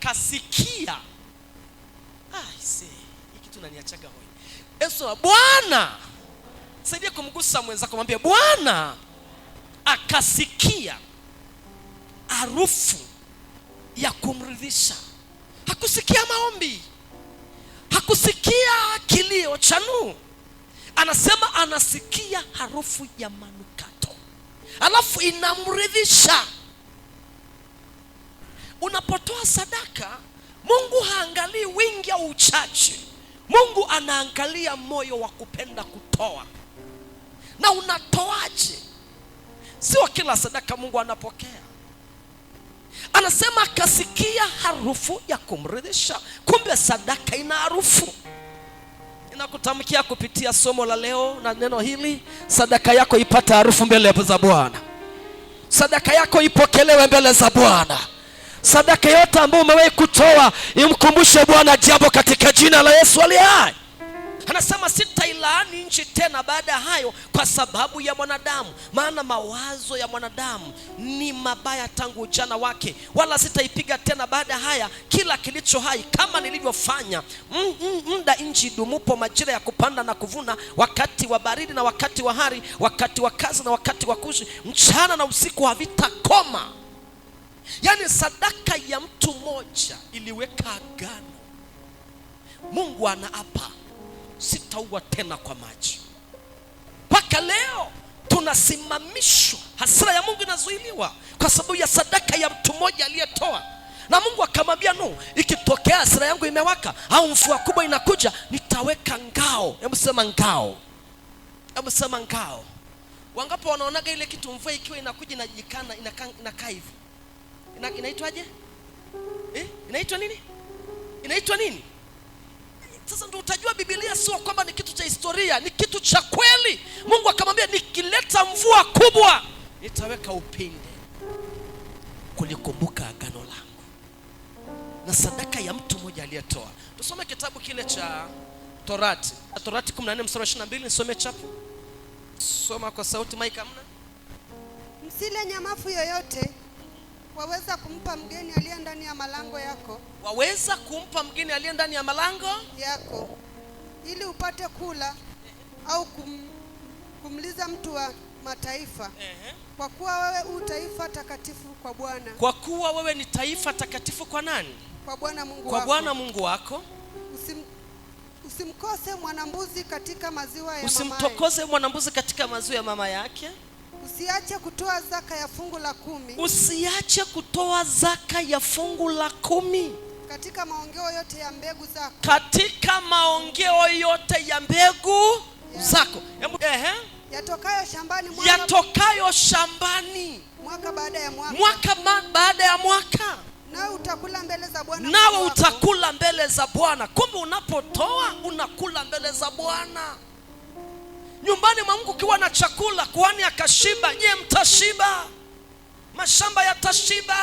akasikia aise, hoi. Yesu, Bwana saidia kumgusa mwenzako, mwambie Bwana akasikia harufu ya kumridhisha. Hakusikia maombi, hakusikia kilio chanu Anasema anasikia harufu ya manukato, alafu inamridhisha unapotoa sadaka, Mungu haangalii wingi au uchache. Mungu anaangalia moyo wa kupenda kutoa na unatoaje. Sio kila sadaka Mungu anapokea. Anasema akasikia harufu ya kumridhisha. Kumbe sadaka ina harufu. Ninakutamkia kupitia somo la leo na neno hili, sadaka yako ipate harufu mbele za Bwana, sadaka yako ipokelewe mbele za Bwana sadaka yote ambayo umewahi kutoa imkumbushe Bwana jambo katika jina la Yesu aliye hai. Anasema sitailaani nchi tena baada ya hayo kwa sababu ya mwanadamu, maana mawazo ya mwanadamu ni mabaya tangu ujana wake, wala sitaipiga tena baada ya haya kila kilicho hai, kama nilivyofanya muda nchi idumupo, majira ya kupanda na kuvuna, wakati wa baridi na wakati wa hari, wakati wa kazi na wakati wa kushi mchana na usiku havitakoma. Yaani sadaka ya mtu mmoja iliweka agano. Mungu anaapa, sitaua tena kwa maji. Mpaka leo tunasimamishwa, hasira ya Mungu inazuiliwa kwa sababu ya sadaka ya mtu mmoja aliyetoa. Na Mungu akamwambia Nuhu, ikitokea hasira yangu imewaka au mvua kubwa inakuja, nitaweka ngao. Hebu sema ngao, hebu sema ngao. Wangapo wanaonaga ile kitu mvua ikiwa inakuja inajikana inakaa hivi ina, inaitwaje eh? inaitwa nini? inaitwa nini? Sasa ndio utajua Biblia sio kwamba ni kitu cha historia, ni kitu cha kweli. Mungu akamwambia, nikileta mvua kubwa nitaweka upinde kulikumbuka agano langu na sadaka ya mtu mmoja aliyetoa. Tusome kitabu kile cha Torati, Torati 14 mstari 22. Nisome chapu, soma kwa sauti, Mike. amna msile nyamafu yoyote Waweza kumpa mgeni aliye ndani ya malango yako, waweza kumpa mgeni aliye ndani ya malango yako, ili upate kula au kum, kumliza mtu wa mataifa uh-huh. Kwa kuwa wewe u taifa takatifu kwa Bwana, kwa kuwa wewe ni taifa takatifu kwa nani? Kwa Bwana Mungu wako, kwa Bwana Mungu wako. Usim, usimkose mwanambuzi katika maziwa ya mama, usimtokose mwanambuzi katika maziwa ya mama yake. Usiache kutoa zaka ya fungu la kumi. Usiache kutoa zaka ya fungu la kumi katika maongeo yote ya mbegu zako. Katika maongeo yote ya mbegu yeah, zako. Hebu ehe. Yatokayo shambani mwaka. Yatokayo shambani mwaka baada ya mwaka. Mwaka ma, baada ya mwaka. Nawe utakula mbele za Bwana. Nawe utakula mbele za Bwana. Kumbe unapotoa unakula mbele za Bwana. Nyumbani mwa Mungu ukiwa na chakula, kuhani akashiba, je, mtashiba? Mashamba yatashiba.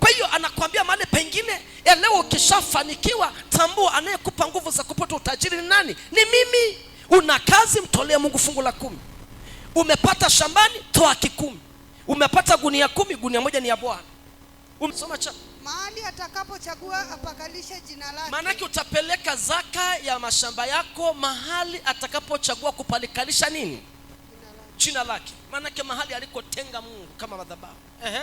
Kwa hiyo anakuambia mahali pengine, eh, leo ukishafanikiwa tambua, anayekupa nguvu za kupata utajiri ni nani? Ni mimi. Una kazi, mtolee Mungu fungu la kumi. Umepata shambani, toa kikumi. Umepata gunia kumi, gunia moja ni ya Bwana umesoma cha mahali atakapochagua apakalishe jina lake. Maanake utapeleka zaka ya mashamba yako mahali atakapochagua kupalikalisha nini? Jina lake. Maanake mahali alikotenga Mungu kama madhabahu. Ehe.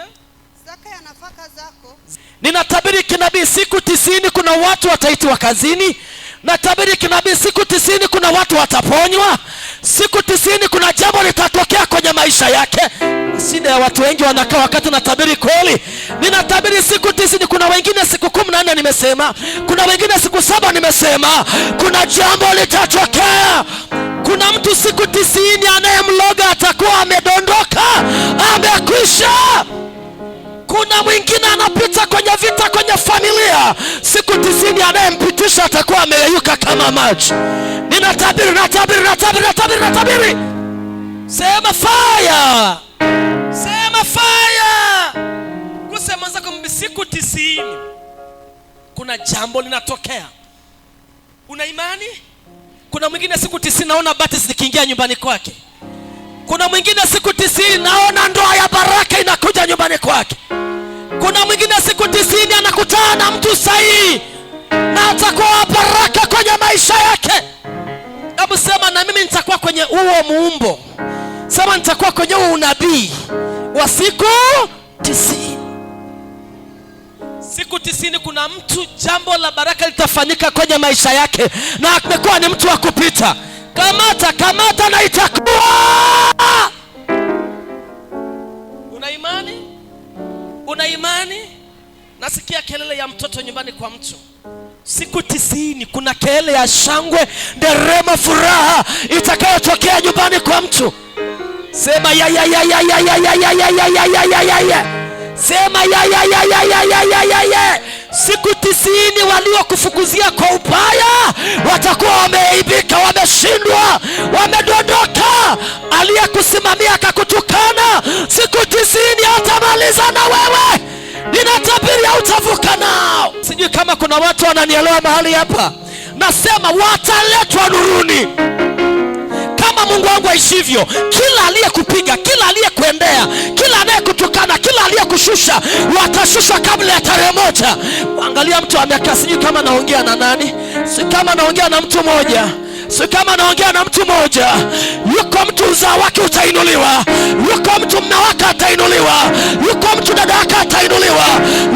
Zaka ya nafaka zako. Ninatabiri kinabii, siku tisini kuna watu wataitiwa kazini Natabiri kinabii, siku tisini kuna watu wataponywa, siku tisini kuna jambo litatokea kwenye maisha yake. Shida ya watu wengi wanakaa wakati natabiri kweli. Ninatabiri siku tisini, kuna wengine siku kumi na nne nimesema, kuna wengine siku saba nimesema, kuna jambo litatokea. Kuna mtu siku tisini anayemloga atakuwa amedondoka, amekwisha. Kuna mwingine anapita kwenye vita kwenye familia, siku tisini anayempitisha atakuwa ameyeyuka kama maji. Ninatabiri, natabiri, natabiri, natabiri, natabiri. Sema faya, sema faya, kusemanza kwamba siku tisini kuna jambo linatokea. Una imani? Kuna mwingine siku tisini naona batis zikiingia nyumbani kwake kuna mwingine siku tisini naona ndoa ya baraka inakuja nyumbani kwake. Kuna mwingine siku tisini anakutana na mtu sahihi na atakuwa baraka kwenye maisha yake. Hebu sema na mimi nitakuwa kwenye huo muumbo, sema nitakuwa kwenye huo unabii wa siku tisini. Siku tisini kuna mtu jambo la baraka litafanyika kwenye maisha yake, na amekuwa ni mtu wa kupita Kamata, kamata na itakuwa. Una imani? Una imani? Nasikia kelele ya mtoto nyumbani kwa mtu. Siku tisini kuna kelele ya shangwe, derema furaha itakayotokea nyumbani kwa mtu. Sema ya ya ya ya ya ya ya ya ya ya ya ya ya. ya ya ya ya ya ya ya ya ya. Siku tisini waliokufukuzia kwa ubaya watakuwa wameibika, wameshindwa, wamedondoka. Aliyekusimamia akakutukana, siku tisini atamaliza na wewe. Ninatabiri utavuka nao. Sijui kama kuna watu wananielewa mahali hapa. Nasema wataletwa nuruni kama Mungu wangu aishivyo. Kila aliyekupiga, kila aliyekuendea, kila anayekutukana, kila aliyekushusha watashusha kabla ya tarehe kuongea. Angalia mtu amekaa, sijui kama naongea na nani, si kama naongea na mtu mmoja si kama naongea na mtu mmoja. Yuko mtu uzao wake utainuliwa, yuko mtu mme wake atainuliwa, yuko mtu dada wake atainuliwa,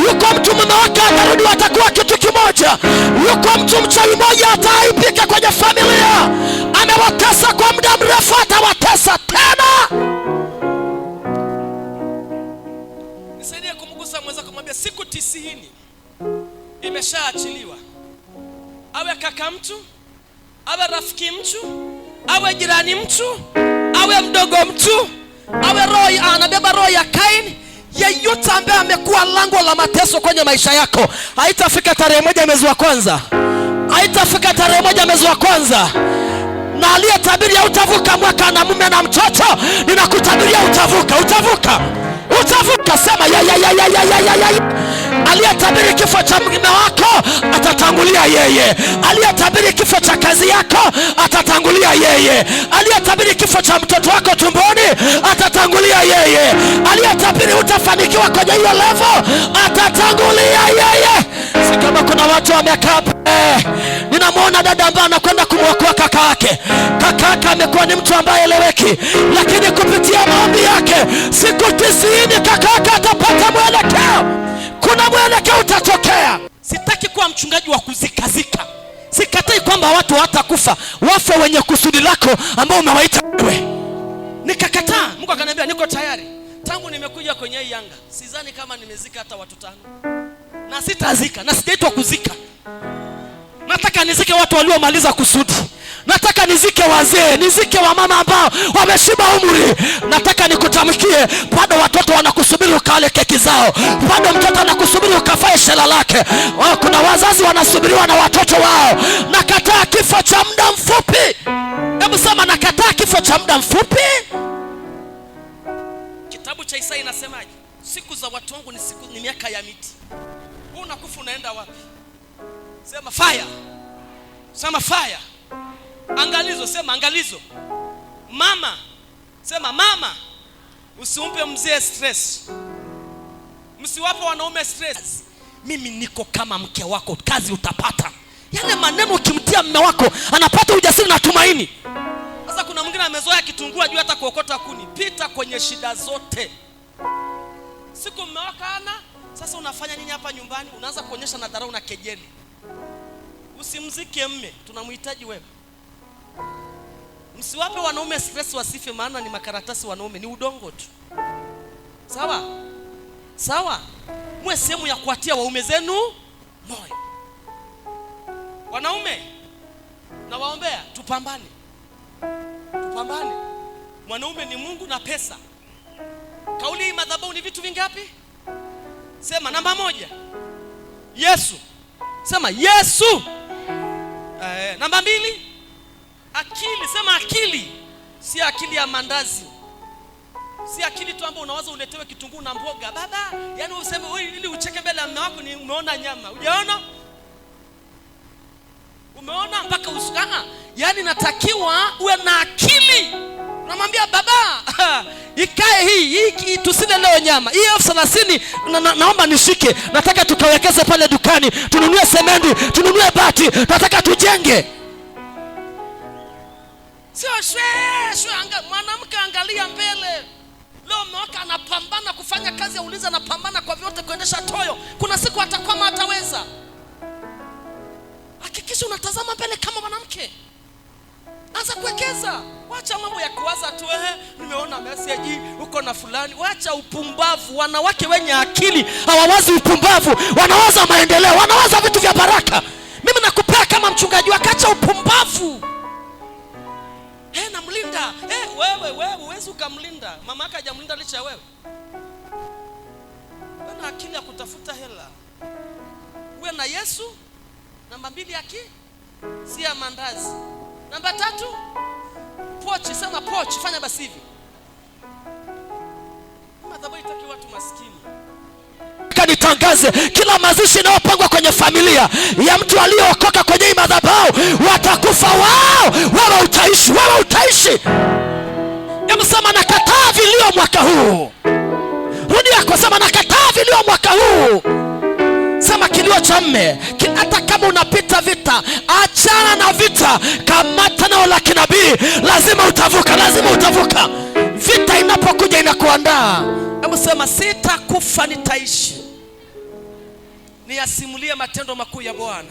yuko mtu mume wake atarudi, atakuwa kitu kimoja. Yuko mtu mchawi mmoja ataaibika kwenye familia, amewatesa kwa muda mrefu, atawatesa tena. Nisaidie kumgusa siku tisini imeshaachiliwa, awe kaka mtu, awe rafiki mtu, awe jirani mtu, awe mdogo mtu, awe roho anabeba roho ya Kaini, yeyote ambaye amekuwa lango la mateso kwenye maisha yako, haitafika tarehe moja mwezi wa kwanza, haitafika tarehe moja mwezi wa kwanza na aliyetabiria utavuka mwaka na mume na mtoto, ninakutabiria utavuka, utavuka, utavuka. Sema ya, ya, ya, ya, ya, ya, ya. Aliyetabiri kifo cha mume wako atatangulia yeye. Aliyetabiri kifo cha kazi yako atatangulia yeye. Aliyetabiri kifo cha mtoto wako tumboni atatangulia yeye. Aliyetabiri utafanikiwa kwenye hiyo levo atatangulia yeye. Si kama kuna watu wamekaa ninamwona dada ambaye anakwenda kumwokoa kaka yake. Kaka yake amekuwa ni mtu ambaye eleweki, lakini kupitia mchungaji wa kuzikazika. Sikatai kwamba watu hawatakufa, wafe wenye kusudi lako ambao umewaita wewe. Nikakataa, Mungu akaniambia niko tayari. Tangu nimekuja kwenye hii Yanga sidhani kama nimezika hata watu tano, na sitazika na sijaitwa kuzika. Nataka nizike watu waliomaliza kusudi. Nataka nizike wazee, nizike wamama ambao wameshiba umri. Nataka nikutamkie, bado watoto wanakusubiri ukale keki zao, bado mtoto anakusubiri ukafae shela lake. Kuna wazazi wanasubiriwa na watoto wao. Nakataa kifo cha muda mfupi. Hebu sema, nakataa kifo cha muda mfupi. Kitabu cha Isaya inasemaje? Siku za watu wangu ni siku ni miaka ya miti. Wewe unakufa unaenda wapi? Sema fire, sema fire. Angalizo, sema angalizo. Mama, sema mama, usimpe mzee stress, msiwape wanaume stress. Mimi niko kama mke wako, kazi utapata. Yale maneno ukimtia mme wako anapata ujasiri na tumaini. Sasa kuna mwingine amezoea kitungua juu hata kuokota kuni. Pita kwenye shida zote, siku mme wako ana sasa, unafanya nini hapa nyumbani? Unaanza kuonyesha na dharau na kejeli. Usimzike mme, tunamhitaji wewe usiwape wanaume stress wasife, maana ni makaratasi. Wanaume ni udongo tu, sawa sawa. Mwe sehemu ya kuatia waume zenu moyo. Wanaume nawaombea, tupambane, tupambane. Mwanaume ni Mungu na pesa. Kauli hii madhabahu ni vitu vingapi? Sema namba moja, Yesu. Sema Yesu. Eh, namba mbili Akili, sema akili, si akili ya mandazi, si akili tu ambayo unawaza uletewe kitunguu na mboga baba, yaani useme ili ucheke mbele ya mume wako, ni umeona nyama, ujaona umeona mpaka usukana ah, Yaani natakiwa uwe na akili. Unamwambia baba, ikae hii hii, tusile leo nyama hii elfu thelathini na, na, naomba nishike, nataka tukawekeze pale dukani, tununue semendi, tununue bati, nataka tujenge Mwanamke angalia mbele. Leo mwaka anapambana kufanya kazi ya uliza, anapambana kwa vyote kuendesha toyo. Kuna siku atakwama, ataweza. Hakikisha unatazama mbele kama mwanamke, anza kuwekeza. Wacha mambo ya kuwaza tu, ehe, nimeona meseji uko na fulani. Wacha upumbavu. Wanawake wenye akili hawawazi upumbavu, wanawaza maendeleo, wanawaza vitu vya baraka. eh, wewe wewe huwezi ukamlinda mama yake, hajamlinda licha ya wewe. Uwe na akili ya kutafuta hela, uwe na Yesu. Namba mbili, aki si ya mandazi. Namba tatu, pochi. Sema pochi, fanya basi hivi itaki watu maskini Nitangaze kila mazishi inayopangwa kwenye familia ya mtu aliyeokoka kwenye hii madhabahu watakufa wao nchi. Emsema nakataa vilio mwaka huu. Rudia kwa sema nakataa vilio mwaka huu. Sema kilio cha mme. Hata kama unapita vita, achana na vita, kamata nao la kinabii. Lazima utavuka, lazima utavuka. Vita inapokuja inakuandaa. Hebu sema sitakufa, nitaishi, niyasimulie matendo makuu ya Bwana.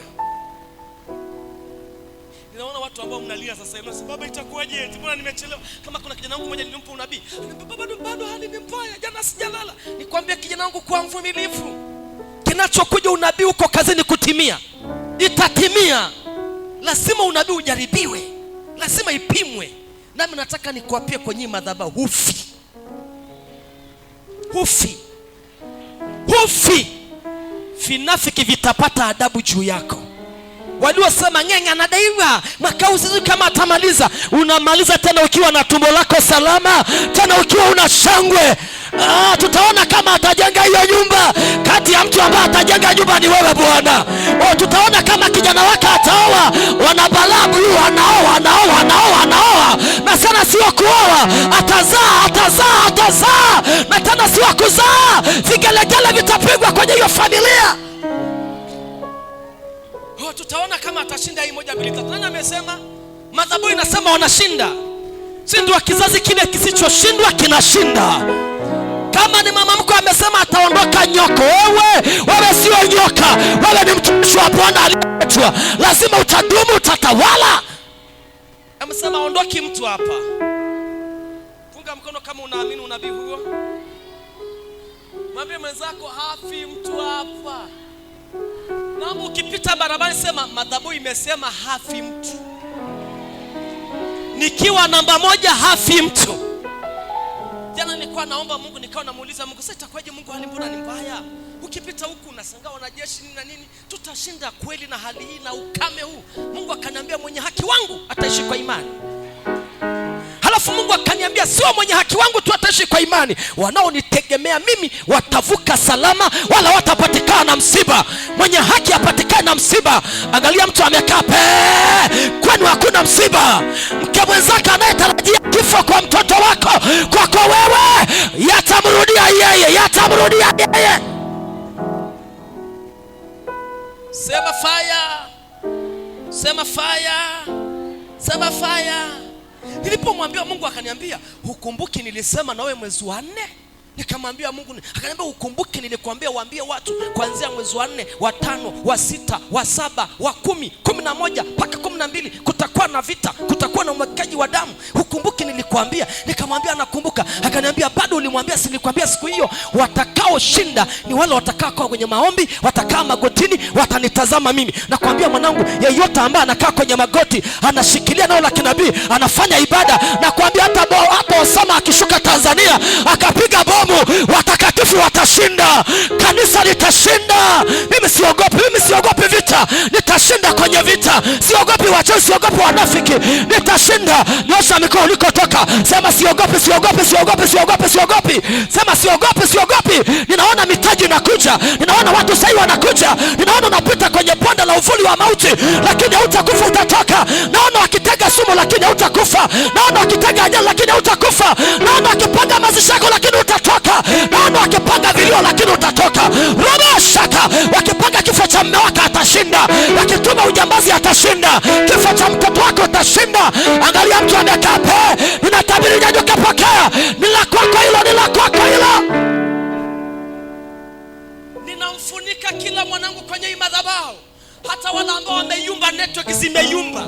Ninaona watu ambao mnalia sasa hivi, baba, itakuwaje? Mbona nimechelewa? Kama kuna kijana wangu mmoja nilimpa unabii, ananiambia bado bado, hali ni mbaya, jana sijalala. Nikwambia kijana wangu, kwa mvumilivu, kinachokuja unabii uko kazini kutimia, itatimia. Lazima unabii ujaribiwe, lazima ipimwe. Nami nataka nikuapie kwenye madhabahu, hufi, hufi, hufi. Vinafiki vitapata adabu juu yako waliosema ng'enge anadaiwa mwaka huu sijui kama atamaliza. Unamaliza tena ukiwa na tumbo lako salama, tena ukiwa una shangwe. Ah, tutaona kama atajenga hiyo nyumba. Kati ya mtu ambaye atajenga nyumba ni wewe Bwana. Oh, tutaona kama kijana wake ataoa. Wana Balaamu huyu anaoa, anaoa, anaoa, anaoa. Na sana sio kuoa, atazaa, atazaa, atazaa. Na tena sio kuzaa. Vigelegele vitapigwa kwenye hiyo familia ndio tutaona kama atashinda hii moja mbili tatu. Nani amesema? Madhabu inasema wanashinda, si ndio? Kizazi kile kisichoshindwa kinashinda. Kama ni mama mko amesema ataondoka nyoko, wewe wewe sio nyoka, wewe ni mtumishi wa Bwana aliyeitwa, lazima utadumu, utatawala. Amesema aondoki mtu hapa. Funga mkono kama unaamini unabii huo, mwambie mwenzako hafi mtu hapa. Naomba ukipita barabani sema madhabu imesema hafi mtu. Nikiwa namba moja hafi mtu. Jana nilikuwa naomba Mungu nikawa namuuliza Mungu, sasa itakuwaje Mungu hali mbona ni mbaya? Ukipita huku unasangaa wanajeshi nini na nini, tutashinda kweli na hali hii na ukame huu? Mungu akaniambia mwenye haki wangu ataishi kwa imani. Alafu Mungu akaniambia sio mwenye haki wangu tu ataishi kwa imani, wanaonitegemea mimi watavuka salama, wala watapatikana na msiba. Mwenye haki apatikane na msiba. Angalia mtu amekaa pe, kwenu hakuna msiba. Mke mwenzake anayetarajia kifo kwa mtoto wako, kwako wewe, yatamrudia yeye, yatamrudia yeye. Sema fire, sema fire, sema fire. Nilipomwambia Mungu akaniambia, hukumbuki nilisema nawe mwezi wa nne? Nikamwambia Mungu, akaniambia ukumbuke, nilikwambia waambie watu kuanzia mwezi wa nne, wa tano, wa sita, wa saba, wa kumi, kumi na moja na mbili kutakuwa na vita, kutakuwa na umwagikaji wa damu. Hukumbuki nilikwambia Nikamwambia nakumbuka. Akaniambia bado ulimwambia? Silikwambia siku hiyo watakaoshinda ni wale kwa kwenye maombi, watakaa magotini, watanitazama mimi. Nakwambia mwanangu, yeyote ambaye anakaa kwenye magoti, anashikilia neno la kinabii, anafanya ibada, nakwambia hata hata Osama akishuka Tanzania akapiga bomu, watakatifu watashinda, kanisa litashinda. Mimi siogopi, mimi siogopi nitashinda, kwenye vita. Siogopi wachawi, siogopi wanafiki, nitashinda. Nyosha mikono ulikotoka, sema siogopi, siogopi, siogopi, siogopi, siogopi, sema siogopi, siogopi. Ninaona mitaji inakuja, ninaona watu sahihi wanakuja, ninaona unapita kwenye bonde la uvuli wa mauti, lakini hautakufa, utatoka. Naona wakitega sumu, lakini hautakufa. Naona wakitega ajali, lakini hautakufa. Naona wakipanga mazishi yako, lakini utatoka. Naona wakipanga vilio, lakini utatoka. robo shaka wakipanga kifo cha mme wako atashinda, akituma ujambazi atashinda, kifo cha mtoto wako atashinda. Angalia mtu amekape, ninatabiri nyanyo kapokea, ni la kwako hilo, ni la kwako hilo. Ninamfunika kila mwanangu kwenye madhabahu, hata wale ambao wameyumba, network zimeyumba